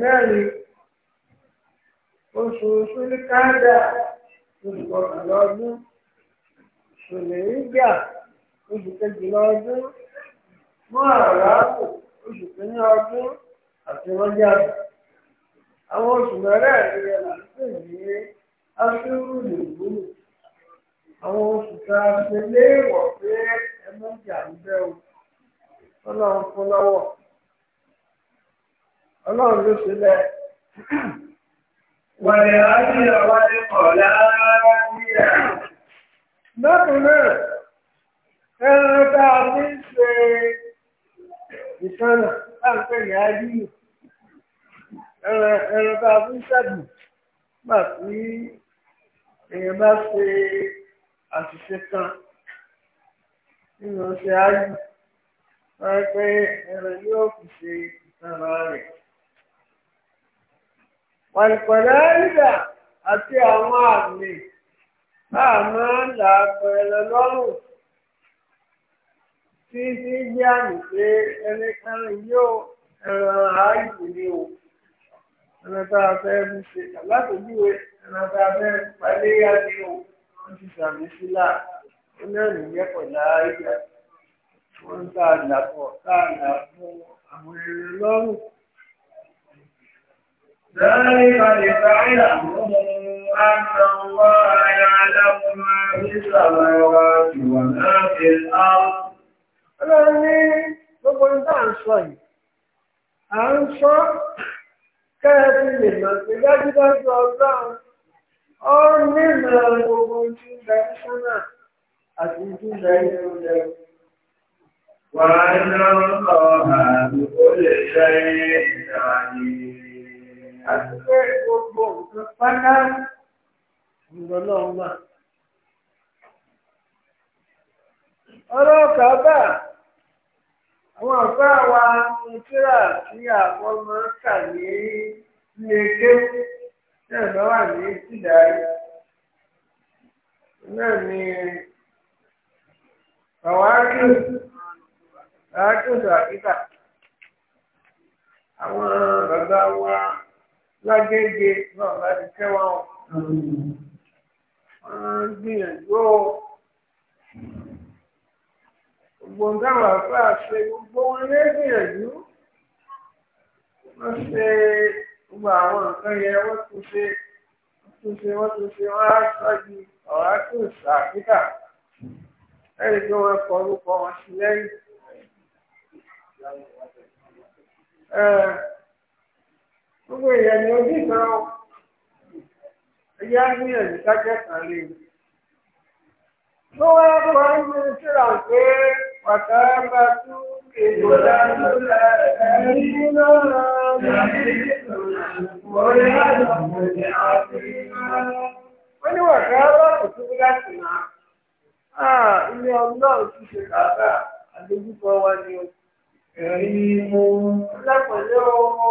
náà ni oṣooṣù ní kánádà oṣù kọkànlá ọdún oṣù lèyígbà oṣù kejìlá ọdún mọ́ àràáfò oṣù kìíní ọdún àti rọ́jà àwọn oṣù mẹ́rẹ̀ẹ̀rin rẹ̀ là ń pè ní àwọn oṣù tá a ṣe léèwọ̀ pé ẹ mọ́jà ń bẹ́ o ọlọ́run fún lọ́wọ́ ọlọ́run ló ṣe bẹ́ẹ̀. wàlẹ̀ ayé wàlẹ̀ ọ̀la níyà. bákan náà ẹran tá a fi ń ṣe ìtànà láǹpẹ̀ ní ayé ẹran tá a fi ń ṣàdùn gbà tí èèyàn bá ṣe àṣìṣe kan nínú ọṣẹ ayé wọ́n pé ẹran yóò fi ṣe ìtànà rẹ̀ wàlùpẹ̀lẹ́ ìdà àti àwọn àmì àmọ́ làpẹ̀rẹ̀ lọ́rùn tí tí jẹ́ àmì pé ẹni kan yóò ẹran ààyè ni o ẹran tá a fẹ́ mú ṣe látòjúwe ẹran tá a fẹ́ paléyà ni o wọ́n ti sàmì sílá ó náà nìyẹn pẹ̀lá ìdà wọ́n ń tà àlàpọ̀ tà àlàpọ̀ àwọn ẹran lọ́rùn. ذلك لتعلموا أن الله يعلم ما في السماوات وما في الأرض ọlọ́rin gbogbo ìgbà ń sọ yìí à ń sọ kẹ́ẹ̀kì lè mọ̀ pé dájúdájú ọlọ́run ó nímọ̀ gbogbo ìjìnlẹ̀ sọ́nà àti àti pé gbogbo nǹkan pátá ìrọ̀lọ́run wà. ọ̀rọ̀ kàbà àwọn àgbà wa ń kíra kí àwọn máa ń ní ilé-ẹgbẹ́ náà bá wà ní sídàáyé náà ni àwárí àákùsà kíkà àwọn bàbá wa. lágége náà láti kẹwàá wọn. wọ́n gbìyànjú ó gbogbo táwọn àfáà ṣe gbogbo wọn lé gbìyànjú wọ́n ṣe gbogbo àwọn nǹkan yẹn wọ́n tún ṣe tún ṣe wọ́n tún ṣe wọ́n á ṣáájú ọ̀rá tó ṣàkíkà ẹni tí wọ́n kọ orúkọ wọn sí lẹ́yìn gbogbo èèyàn ni ojú ìtàn ọ ẹyẹ á ní ẹ̀yìn dájẹ́ kan lé o. ló wá bá ń mú síra pé pàtà bá tú èèyàn dáná ẹ̀yìn náà lẹ́yìn ìwọlé àdàmọ̀ ní àfihàn. wọ́n ní wàtá aláàbò tó bí láti máa. ilé ti ṣe kàkà àdójúkọ wa ni o. ẹ̀yin mo lápẹ̀lẹ́ ọmọ.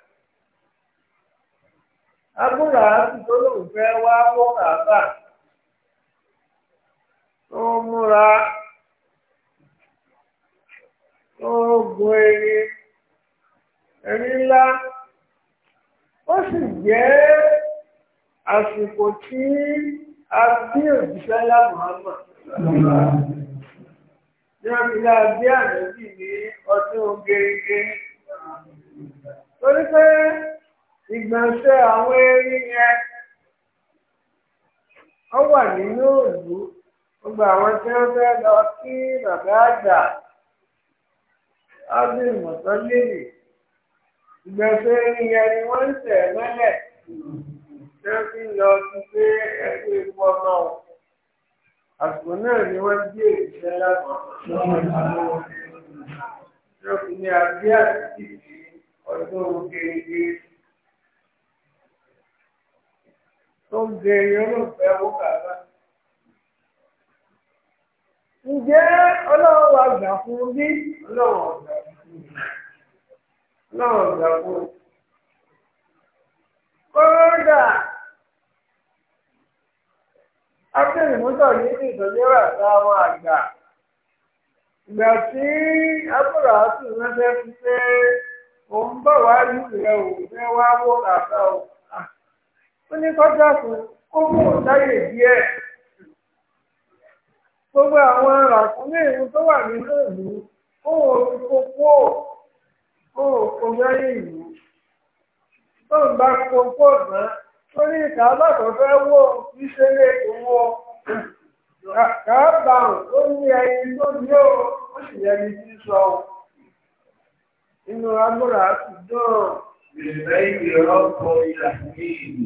abúlà tó lóun fẹ́ wá wọ́ kàáfà tó múra tó gun erin erin ńlá ó sì jẹ́ àsìkò tí a bí òjíṣẹ́ ńlá Muhammad ní wọ́n fi dá bí àjọ́jì ní ọdún gẹ́gẹ́ torí pé ìgbọ̀nsẹ̀ àwọn erin yẹn ó wà nínú òòlù gbogbo àwọn tí wọ́n fẹ́ lọ kí bàbá àgbà ọ́dún mọ̀tọ́lẹ́lì ìgbọ̀nsẹ̀ erin yẹn ni wọ́n ń tẹ̀ mọ́lẹ̀ tí wọ́n fi lọ sí pé ẹgbẹ́ ìfọ́ náà àsìkò náà ni wọ́n gbé ìṣẹ́ lọ́wọ́ ní abíyá sí ọdún gẹ́gẹ́. tó ń bèrè olóògbé wókàlá. Ǹjẹ́ ọlọ́run wa gbà fún bí? Ọlọ́run ọ̀gbà fún mi. Ọlọ́run ọ̀gbà fún mi. Kọ́ńdà Abdul àgbà. Ìgbà tí fẹ́ fi pé òun bọ̀ wá fẹ́ ó ní kọjá fún kó fún díẹ̀ gbogbo àwọn ràkúnmí ìlú tó wà nínú ìlú kó o fi kó o kó ìlú tó ń bá kókó náà ó ní ìkàbà tó fẹ́ wó ìṣeré owó kàábà ó ní ẹyin tó ní ó ó sì yẹni tí sọ inú agbóra ti dán. Bèbè ìrọ́pọ̀ ìlànà ìlú.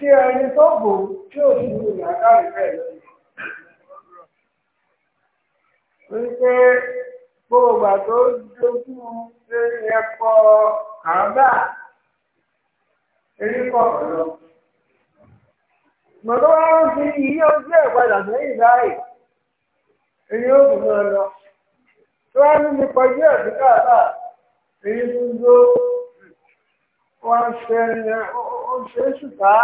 tí ẹni tó bò tí ò sí ní bẹ́ẹ̀ gbogbo àtó dojú ṣe ẹ̀kọ́ kàńbà erékọ̀ lọ. Mọ̀tọ́ wá ń fi iye ojú ẹ̀ padà sẹ́yìn Èyí ó náà lọ. ní ẹ̀ sí Èyí tó ń dó.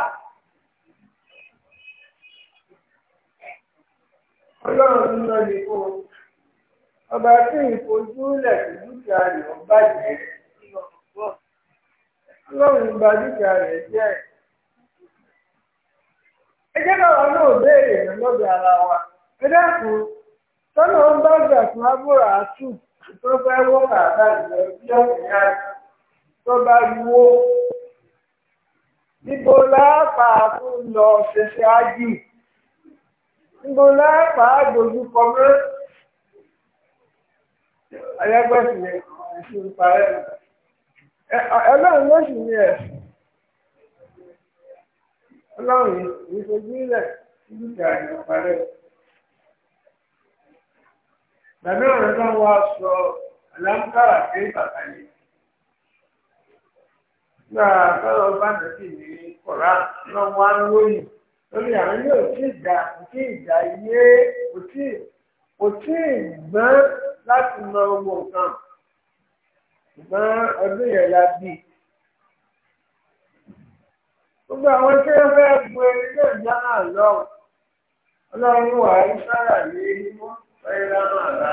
ọlọ́run náà lè kó ọba tí ìfojúlẹ̀ sí dúkìá rẹ̀ ń bàjẹ́ ọlọ́run ba dúkìá rẹ̀ jẹ́ ẹ jẹ́ káwa náà béèrè lọ́dọ̀ ara wa ẹ dákun tọ́nà ń bá gbà fún abúrò àtù tó fẹ́ wọ́n kàkà ìlọ sí ọ̀sẹ̀ yá tó bá wó níbo láàpá fún lọ ṣẹṣẹ ájì. níbo lẹ́pàá dojú kọ mọ́ ayágbẹ́sì yẹn àti ìparẹ́ ọlọ́run ló sì ní ẹ̀sìn ọlọ́run ìfojú ilẹ̀ nígbà ìparẹ́ bàbá ọ̀rẹ́ náà wá sọ pé bàbá yìí nígbà bá ní náà wá ń lórí àwọn ilé òtí ìjà òtí ìjà yé òtí òtí ìgbọ́n láti mọ owó nǹkan ìgbọ́n ọdún yẹn la bí. gbogbo àwọn tí wọ́n fẹ́ bu ilé ìjà náà lọ ọlọ́run wà á sára lé mọ́ fẹ́ẹ́ rán àrà.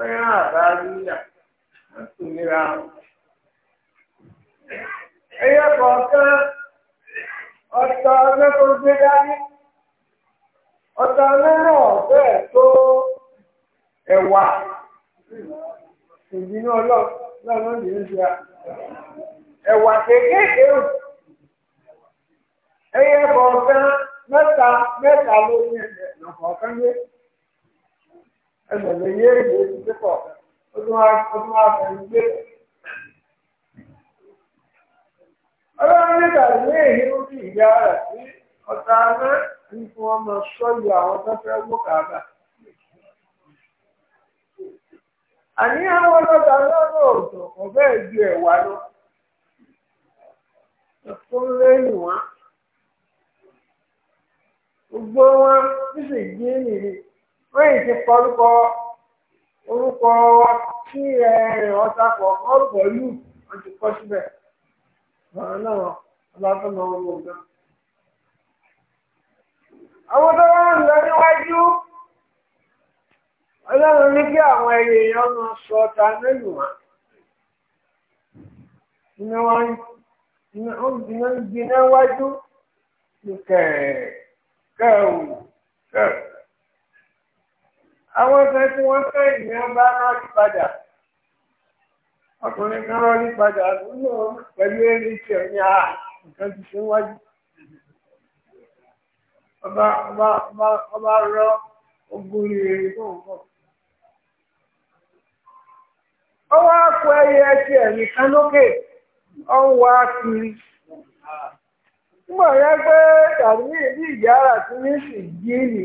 onye ahụ ga-alụ nna ntụnyere ahụ ihe kọ̀ọ̀kan ọ̀tọ̀ mẹ́kọ̀ọ́ gbé dání ọ̀tọ̀ mẹ́rọ̀ ọ̀fẹ́ tó ẹ̀wà ìbínú ọlọ́run ní ìṣe ẹ̀wà kéékèèké o ẹ̀yẹ kọ̀ọ̀kan mẹ́ta ẹsẹ̀ lè yé èdè ìdílé pọ̀ ó tún wá fẹ́ gbé. ọlọ́run nígbà ní èyí ló fi ìyá rẹ̀ sí ọ̀tá náà ní kí wọ́n máa àwọn tó fẹ́ wó kàákà. àní àwọn ọlọ́dà ẹ̀wà lọ. lẹ́yìn tí kọlùkọ orúkọ wa kí ẹ rẹ̀ ọ̀tá pọ̀ kọlùkọ lù wọ́n ti kọ́ síbẹ̀ ọ̀rọ̀ náà ọlọ́tọ́nà owó àwọn tó ń lọ níwájú ọlọ́run ní kí àwọn èèyàn máa sọ ọ̀tá wá. àwọn ọ̀sẹ̀ tí wọ́n fẹ́ ìyẹn bá rọ́ọ̀lì padà ọkùnrin kan rọ́ọ̀lì padà nínú pẹ̀lú eré tí ní àá ah, nǹkan ti ṣe wájú ọba rọ ogun rere tó ń bọ̀. ó wá kó ẹyẹ kan ó ń wá kiri nígbà yẹn pé tàbí ìdí ní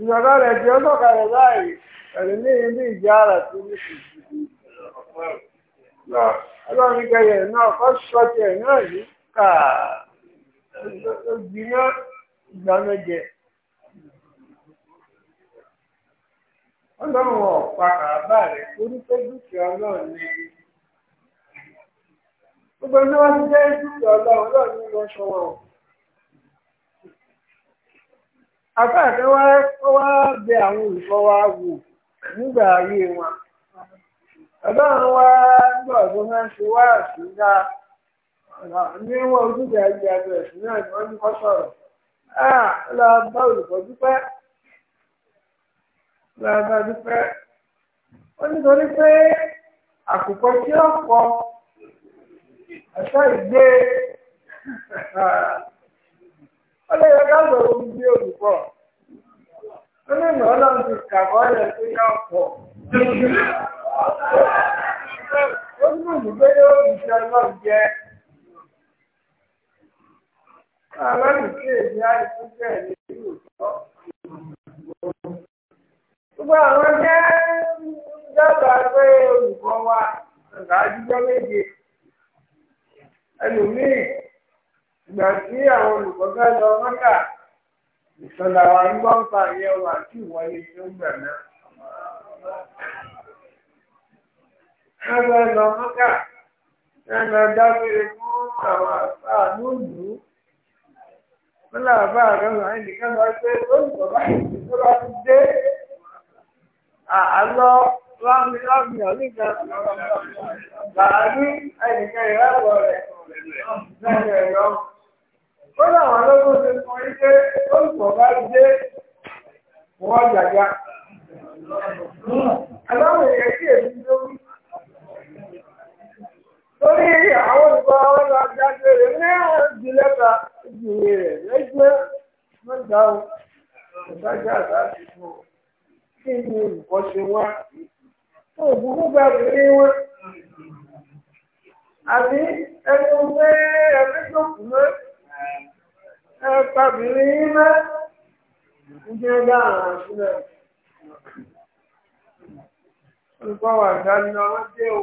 ìjọba rẹ̀ jẹ́ ọlọ́ka rẹ̀ báyìí ẹ̀rẹ̀ ní ilé ìjà ara tó ní ìsìnkú. ọlọ́run kẹyẹ náà kọ́ sọ́ọ̀tì ẹ̀ náà yìí kà ó gbiná ìgbà méje. ọlọ́run ọ̀pá kàábà rẹ̀ torí pé dúkìá ọlọ́run ní gbogbo ní wọ́n ti jẹ́ dúkìá ọlọ́run ọlọ́run ní wọ́n wọn. afẹ́ẹ̀kẹ́ wá wá bẹ àwọn olùkọ́ wa wò nígbà ayé wọn ọlọ́run wá nígbà tó máa ń ṣe wá àṣìlá níwọ̀n ojúbẹ̀ ẹgbẹ́ ẹgbẹ́ ẹ̀sìn náà ni wọ́n ní kọ́ sọ̀rọ̀ áà lọ bá olùkọ́ dúpẹ́ lọ bá dúpẹ́ ó nítorí pé àkùkọ tí ó kọ ẹ̀ṣọ́ ìgbé ọlọ́yẹ ká sọ̀rọ̀ ohun Onye nọ nínú ọlọ́run ka ọ na tó yá pọ̀ ó ní olùgbé yóò fi ṣe ọlọ́run jẹ́ aláàrùn eji èmi àìsí bẹ́ẹ̀ wa ọ̀gá àdúgbò méje ẹlòmíì. ìgbà tí àwọn olùkọ́ fẹ́ lọ mọ́kà ìsọ̀dà wa ń ń pa ìyẹn wà tí ìwọlé tó ń gbà náà. wọ́n lọ mọ́kà wọ́n dábìrì fún àwọn lóòlù pé olùkọ́ bá ti tó bá ti dé àlọ́ ìrẹ́pọ̀ rẹ̀ lẹ́yìn ẹ̀rọ. ó láwọn lọ́dún ti sọ wípé olùkọ́ bá dé wọ́n gbàgbá. aláwọ̀ èèyàn kí èmi lórí.
torí àwọn olùkọ́ àwọn ọ̀gá
jáde rẹ̀ mẹ́rin di lẹ́ta ìjìnlẹ̀ rẹ̀ lẹ́gbẹ́ mẹ́ta o ìbájá àtàkì ẹ pàbìrì mẹ́ ǹjẹ́ bá àwọn sílẹ̀ olùkọ́ wà dání ọmọ dé o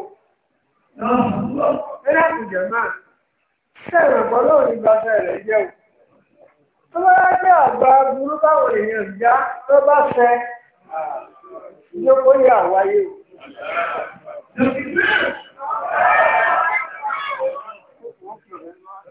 ẹ̀rẹ́ àkùjẹ̀ máa sẹ́rẹ̀ ọ̀pọ̀ lóòrùn ìgbà fẹ́rẹ̀ jẹ́ o tó bá yá jẹ́ àgbà burú báwọn èèyàn ìyá tó bá fẹ́ ìjókòó yà wáyé o.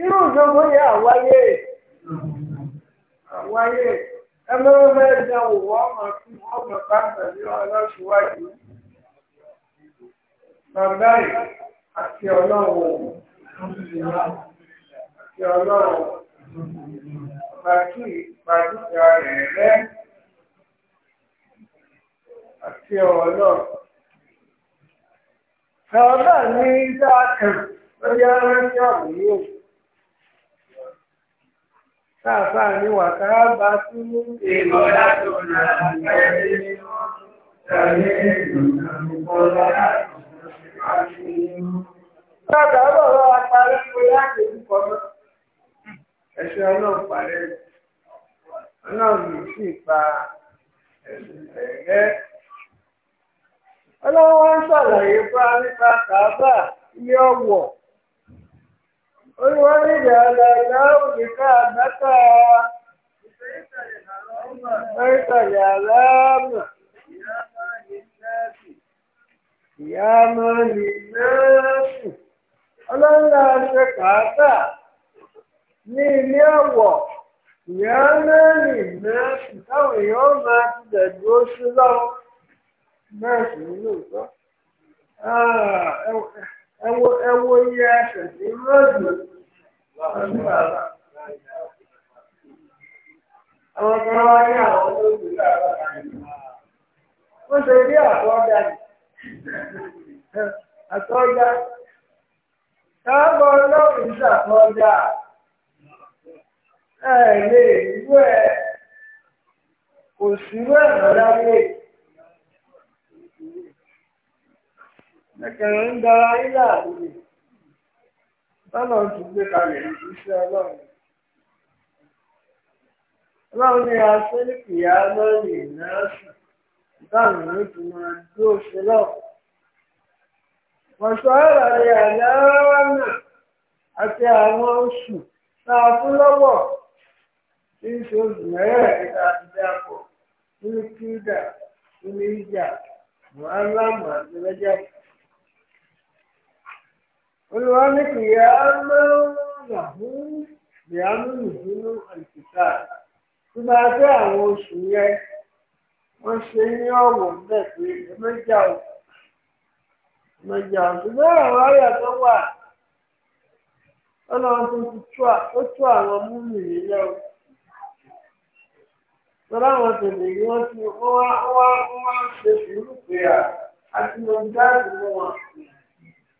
irú ìṣòro yẹn àwáyé àwáyé ẹ lọ́wọ́ bẹ́ẹ̀ dán wò wọ́n mọ̀ sí wọ́n mọ̀ pàṣẹ ní ọlọ́ṣùwájú bàbá yìí àti ọlọ́wọ́ àti ọlọ́wọ́ bàtí ìpàdúgba rẹ̀ rẹ́ àti ọlọ́wọ́. Bàbá mi dá kàn lórí aráńtí àbúrò. káàfà ní wàká bá tú èèmọ̀ látò láti ìdúkọ̀ mọ́. Ẹ̀ṣẹ̀ ọlọ́run parẹ́. Ọlọ́run yìí sì pa ẹ̀sùn ẹ̀rẹ́. Ọlọ́run wá ń ṣàlàyé fún wa ala-ala ya ma لِسَانَكَ بَيْتَ الْعَلَامِ قِيَامًا لِلنَّاسِ ọlọ́lá ṣe kàákà ní ilé ọ̀wọ̀ ìyá mẹ́rin mẹ́rin táwọn èèyàn máa ti dẹ̀dú oṣù lọ́wọ́ mẹ́rin nínú ìtọ́. ẹ wo iye ẹsẹ̀ sí àwọn kan wá ní àwọn olóògùn bàbá wọ́n ṣe bí àtọ́jà àtọ́jà káàbọ̀ ọlọ́run ṣàtọ́jà ẹ̀ lè rú ẹ̀ kò sí rú lè. ẹ̀kẹ̀rẹ̀ ń dara ilé àdúgbò lọ́nà tó gbé kalẹ̀ iṣẹ́ ọlọ́run. ni a ṣe ní kìyà lórí ìnáṣù ìdáhùn ló náà àti àwọn oṣù tá a fún lọ́wọ́ tí ń ṣe oṣù mẹ́rẹ̀ẹ́ta àti ní ní olùwà ní kìyà máa ń là fún ìyàmúlù nínú àìsíkà tí bá dé àwọn oṣù yẹn na ṣe ní ọ̀wọ̀ bẹ́ẹ̀ pé ẹ mẹ́jà ò mẹ́jà ò ṣùgbọ́n àwọn àyà tó wà ọlọ́run tó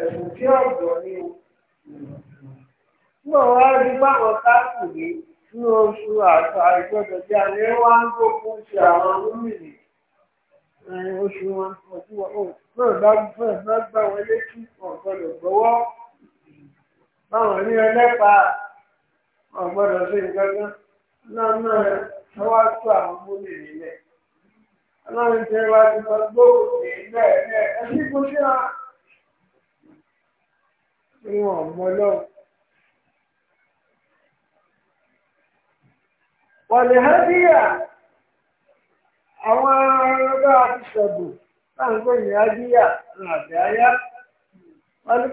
ẹ̀sùn tí ọ̀dọ́ ni o. Wọ́n wá rí báwọn káàkiri ní oṣù àti àìgbọ́dọ̀ bí alẹ́ wá ń gbógun ṣe àwọn gómìnì oṣù wọn ọdún wọn náà dágbọ́ náà gbà wọn létí ọ̀gbọ́dọ̀ gbọ́wọ́ báwọn ní ẹlẹ́pàá ọ̀gbọ́dọ̀ sí gángan náà náà ẹ wá tó àwọn gómìnì lẹ̀. Ọlọ́run ti wá ti sọ gbóògùn ní ilé ẹ̀ sí kó wọn ò mọ lọ́wọ́. wọ̀lẹ̀ hẹ́díyà àwọn ọlọ́gbà ti sọ̀bù láǹgbọ̀n ní hẹ́díyà àbẹ̀ ti àwọn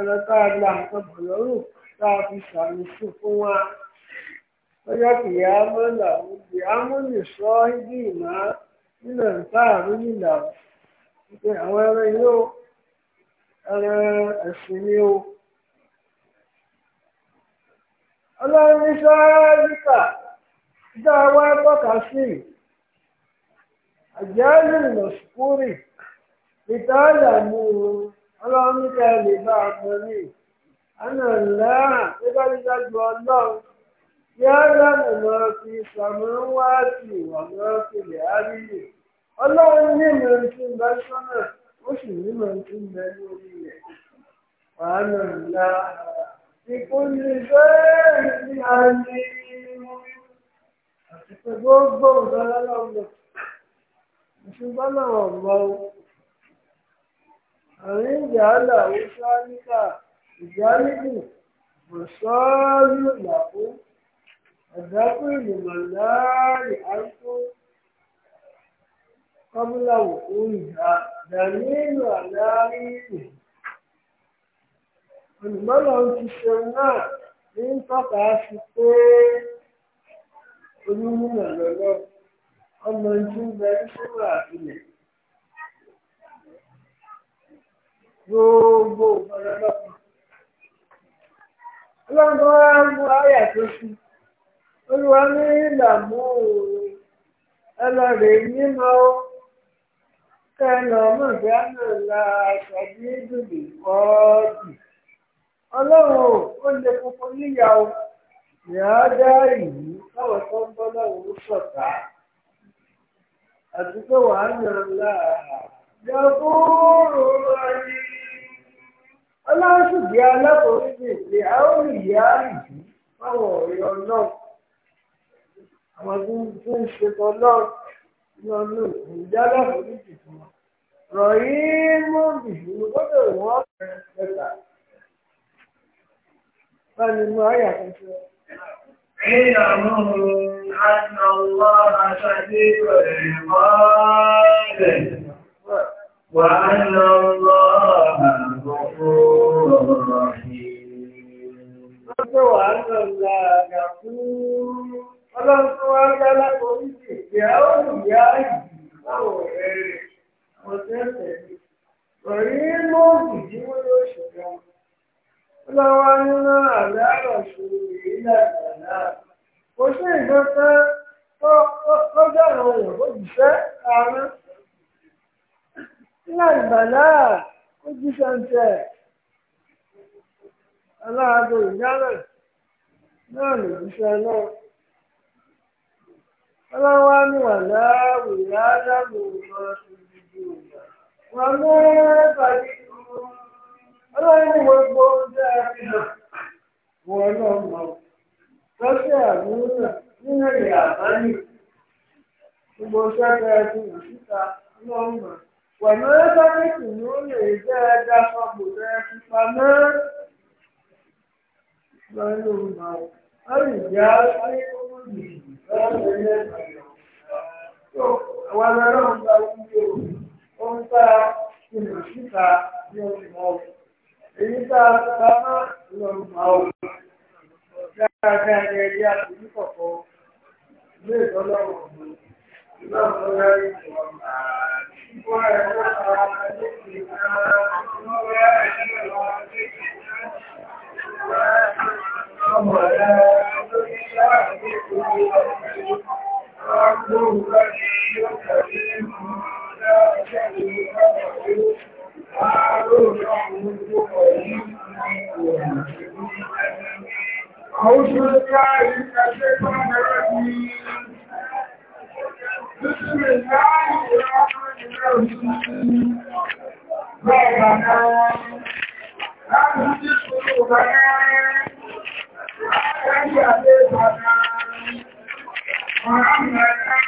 ẹlẹ́ta àgbà nǹkan bọ̀ lọ́rùn tá a fi sàmì sí fún wa lọ́jọ́ kìí àmọ́ làwọn ìgbé nke àwọn ẹran yìí ó ẹran ẹ̀sìn ni ó. ọlọ́run ní sáárìkà dá wa tọ́ka sí àjálù lọ́sùkúrì ìtàlà mú ọlọ́run ní ká lè a mọ ní àná ńlá nígbà nígbà ju ọlọ́run yálà ọlọ́run ní ìmọ̀ tí ń bá sọ́nà ó sì ní ìmọ̀ tí ń bẹ ní orí rẹ̀ wàhálà ńlá ìkúnlẹ̀ṣẹ́ ní àní àtìpé gbogbo nǹkan lọ́lọ́gbọ̀n ìṣùgbọ́n náà mọ́ o àrùn ìjà àlàó sáríkà ìjà nídìí mọ̀ṣọ́ọ́lù làkú àdákùn ìlú màláàrí àìkú. قبل وقوعها دليل على المرأة في السنة ń tọ́ka sí pé olúmúnà lọ́lọ́ ọmọ tí ń bẹ sínú àfilẹ̀ gbogbo ọ̀pọ̀lọpọ̀. ọlọ́run wá mú àyà tó sí olúwa ní ìlàmú ẹlọ́rẹ̀ mímọ́ ọ́ kẹ́lọ mọ̀gbẹ́ àmàlà àṣàbí ìdùnnú kọ́ọ̀dù ọlọ́run ó lè kókó níyàwó ìyá dá ìlú káwọn tó ń bọ́ lọ́wọ́ sọ̀tà àti pé wàá yàn láàá yàgòrò ayé ọlọ́run sì di alákòóso ìpè àwọn ìyá ìlú fáwọn ọ̀rẹ́ ọlọ́run àwọn tó ń ṣe tọ́lọ́run lọ́nà ìjábọ̀ oríṣi fún wa. رحيم بالغدو والعشاء فالمعية اعلموا أن الله شديد العقاب وأن الله غفور رحيم وأن الله غفور ọlọ́run tó wá ń dá lápò ní ìgbé àwọn olùyá yìí láwọn ẹ̀rẹ̀ ọ̀sẹ̀ ẹ̀sẹ̀ ọ̀rí mọ́ọ̀gì tí o yóò ṣọ̀gá ọlọ́wọ́ nínú àlẹ́ àròṣù ìrìnlẹ̀ ìgbàlá kò sí ìgbọ́nsẹ́ tó dára ohun òjíṣẹ́ ààrẹ nílẹ̀ ìgbàlá ó jíṣẹ́ ń tẹ̀ aláàbò ìyálẹ̀ wọ́n mú bàbí ọlọ́run gbogbo dáadáa wọ́n lọ mọ̀ lọ́sẹ̀ àmúlò nínú ìyá àbáyé gbogbo sẹ́kẹ̀ ẹ̀dùn òṣìṣà lọ́mọ̀ pẹ̀lú ẹ́sọ́mẹ́tì ni ó lè jẹ́ ẹja ó ń ta ìlú síta bí ó ti mọ èyí tá a ti ta máa lọ mà ó. dáadáa ni ẹni a ti ní kọ̀kọ́ ilé ìtọ́lọ́wọ̀ ọ̀gbìn ìlú ọ̀gbìn rẹ̀ ń wọ́n rẹ̀ ń lọ sí أعوذ بالله من الشيطان الرجيم بسم الله الرحمن الرحيم ربنا لا تزغ قلوبنا بعد إذ هديتنا وهب لنا